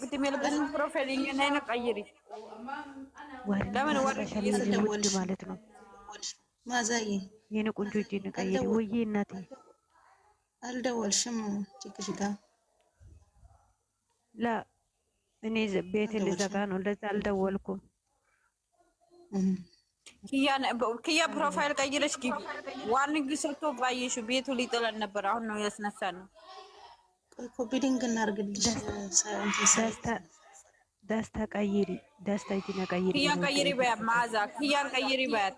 ቅድም ማለት ነው ማዛዬ የኔ ቆንጆ እጄን ወይዬ እናቴ አልደወልሽም ችግርሽ ላ እኔ ቤት ልዘጋ ነው፣ ለዛ አልደወልኩም። ክያ ፕሮፋይል ቀይረሽ ዋርኒንግ ሰጥቶ ባየሽው ቤቱ ሊጥለን ነበር። አሁን ነው ያስነሳ ነው ኮፒ ሊንክ እናድርግልሽ። ደስታ ቀይሪ፣ ደስታ ይቲና ቀይሪ፣ ያን ቀይሪ በያት፣ ማዛ ያን ቀይሪ በያት፣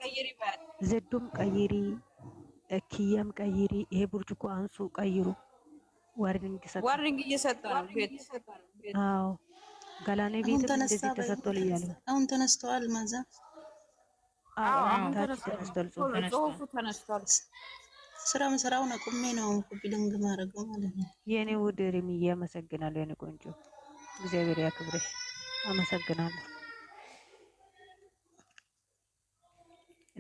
ዘዱም ቀይሪ፣ ኪያም ቀይሪ። ይሄ ብርጭቆ አንሱ፣ ቀይሩ። ዋርኒንግ ይሰጣል፣ ዋርኒንግ ይሰጣል። አዎ ገላኔ ቤት እንደዚህ ተሰጥቷል እያሉ አሁን ተነስተዋል። ማዛ አዎ አሁን ተነስተዋል፣ ጽሁፉ ተነስተዋል። ስራም ስራውን አቁሜ ነው ኮፒ ሊንክ ማድረገው ማለት ነው። የኔ ውድ ሪሚዬ አመሰግናለሁ። የኔ ቆንጆ እግዚአብሔር ያክብረሽ። አመሰግናለሁ።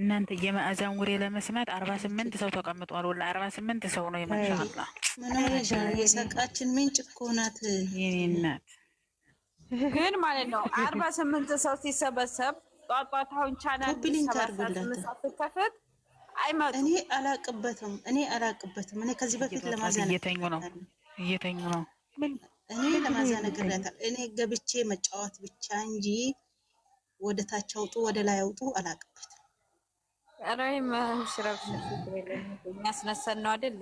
እናንተ የመዓዛን ወሬ ለመስማት አርባ ስምንት ሰው ተቀምጧል። ወላ አርባ ስምንት ሰው ነው የመሻላ የሳቃችን ምንጭ እኮ ናት የኔ እናት። ግን ማለት ነው አርባ ስምንት ሰው ሲሰበሰብ ጧጧታውን ቻናል ሰበሰብ እኔ አላቅበትም። እኔ አላቅበትም። እኔ ከዚህ በፊት ለማዘነ እየተኙ ነው እየተኙ ነው። እኔ ለማዘነ ግሬታል። እኔ ገብቼ መጫወት ብቻ እንጂ ወደ ታች አውጡ፣ ወደ ላይ አውጡ አላቅበትም። አራይም ሽራብ የሚያስነሳን ነው አደለ?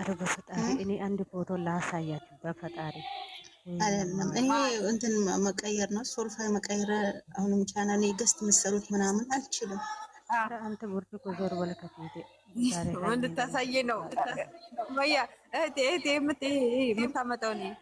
አረ በፈጣሪ እኔ አንድ ፎቶ ላሳያችሁ በፈጣሪ አይደለም እኔ እንትን መቀየር ነው ሶልፋይ መቀየር። አሁንም ቻናል ገስት የምትሰሩት ምናምን አልችልም አንተ ብርጭቆ ዞር በለከት እንድታሳይ ነው። ያ እህቴ እህቴ የምታመጣው ነው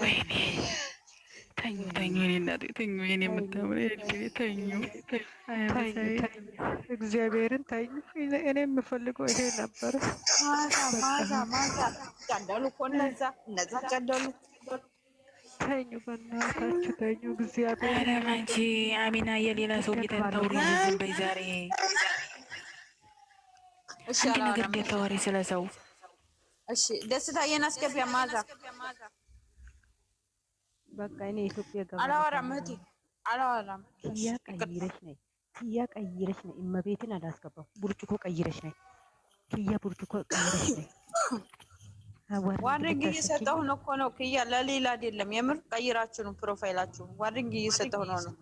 ወይኔ ተኙ ተኙ፣ ተኙ፣ የምታምር ተኙ፣ እግዚአብሔርን ተኙ። እኔ የምፈልገው ይሄ ነበረ። ማዛ ማዛ እኮ እነዛ እነዛ ተኙ፣ በእናታችሁ ተኙ። እግዚአብሔር አንቺ አሚና የሌላ ሰው ጌታታውሪ ዝም በይ ዛሬ። አንድ ነገር ስለ ሰው? እሺ ደስታዬን አስገቢያ ማዛ በቃ እኔ ኢትዮጵያ ገባ አላወራም፣ እህቴ አላወራም። ያ ቀይረሽ ነይ፣ ያ ቀይረሽ ነይ። እመቤትን አላስገባም። ብርጭቆ ቀይረሽ ነይ፣ ያ ብርጭቆ ቀይረሽ ነይ። ዋርኒንግ እየሰጠሁን እኮ ነው ክያ፣ ለሌላ አይደለም። የምር ቀይራችሁ ነው ፕሮፋይላችሁ። ዋርኒንግ እየሰጠሁ ነው ነው።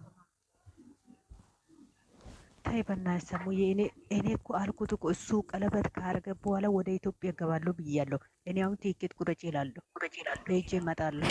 ተይ በእናትሽ ሰሙ። የኔ እኔ እኮ አልኩት እኮ እሱ ቀለበት ካረገ በኋላ ወደ ኢትዮጵያ እገባለሁ ብያለሁ። እኔ አሁን ቲኬት ቁረጭ ይላለሁ፣ ሄጄ እመጣለሁ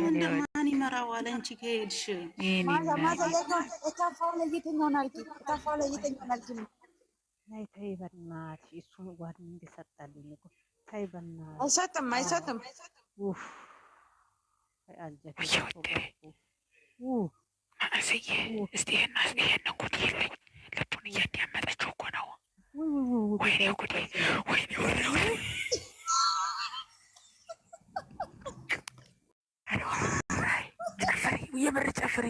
እንደማን ወይኔ ጉዴ፣ ወይኔ ወይኔ ጨፍሪ ጨፍሪ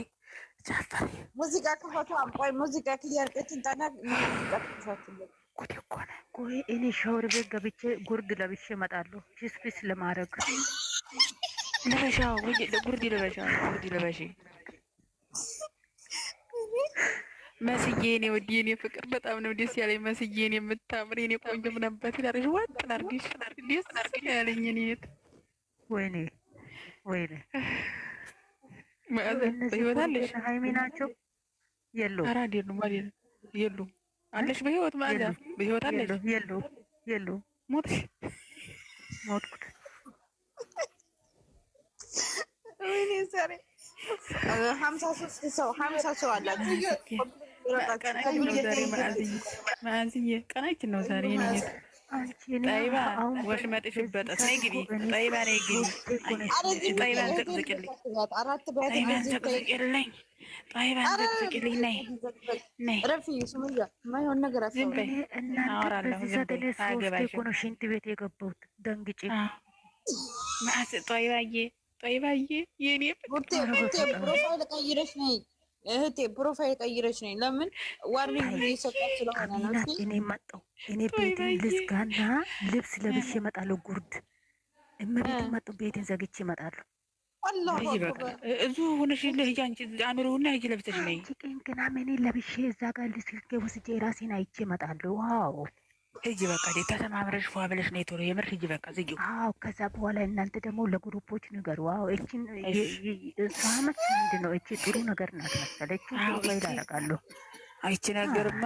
ጨፍሪ። ሙዚቃ ክፈቱ። አምቆይ ሙዚቃ ክያርቀችን ጠና ሙዚቃ ክፈቱልን። ጉድ እኮ ነው። ቆይ እኔ ሻወር ቤት ገብቼ ጉርድ ለብሼ እመጣለሁ። ፒስ ፒስ ለማድረግ ለበሻ ወይ ጉርድ ለበሻ ጉርድ ለበሽ መስዬ እኔ ወዲ እኔ ፍቅር በጣም ነው ደስ ያለኝ። መስዬ እኔ የምታምር እኔ ቆንጆ ምናበት ይላልሽ ዋጥ ላርግሽ ደስ ያለኝ እኔ ወይኔ ወይኔ ሀይሜ ናቸው አለሽ በህይወት ማዛ በህይወት አለሽ የሉም። የሉም ሞትሽ ሞትኩት። ወይኔ ዛሬ ሀምሳ ሶስት ሰው ሀምሳ ሰው አላችሁ። ቀናችን ነው ዛሬ መአዝዬ ቀናችን ነው ዛሬ ሽንት ቤት የገባሁት ደንግጬ ጦይባዬ ጦይባዬ የኔ ፕሮፋይል ቀይረሽ ነይ እህቴ ፕሮፋይል ቀይረች ነኝ። ለምን ዋርኒንግ እየሰጣት ስለሆነ ነው። እኔ መጣሁ እኔ ቤቴን ልዝጋና ልብስ ለብሼ እመጣለሁ። ጉርድ እመቤቴን መጣሁ። ቤትን ዘግቼ እመጣለሁ። እዙ ሆነሽ ለብሰሽ ነይ። ለብሼ እዛ ጋር ልስልኬ ወስጄ ራሴን አይቼ እመጣለሁ። ዋው ሂጂ በቃ ተሰማምረሽ ፏ ብለሽ ነው የቶሎ የምር ሂጂ በቃ ዝጊው። አዎ ከዛ በኋላ እናንተ ደግሞ ለግሩፖች ንገሩ። አዎ እቺን ሰመት ምንድን ነው እቺ ጥሩ ነገር ናት መሰለች ላይ ላረቃሉ አይቺ ነገርማ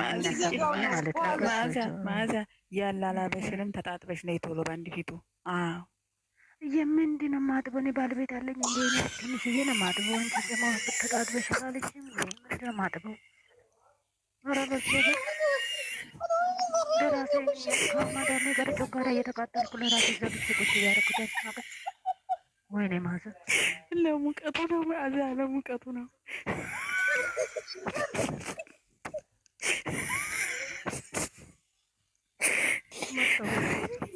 ማዛ ማዛ ያላላበሽንም ተጣጥበሽ ነው የቶሎ በአንድ ፊቱ አዎ የምንድን ነው የማጥበው? እኔ ባለቤት አለኝ እንደ ትንሽዬ ነው የማጥበው። አንቺ ደግሞ ተጣጥበሽ አላለችም። ምንድን ነው የማጥበው? ኧረ በስመ ለራሴ ከማዳሜ ጋር ጨጓራ እየተቃጠልኩ ለራሴ ዘግቼ ቁጭ እያደረኩት ያስናቀ ወይኔ ማዘ ለሙቀቱ ነው ማዘ ለሙቀቱ ነው መጣሁ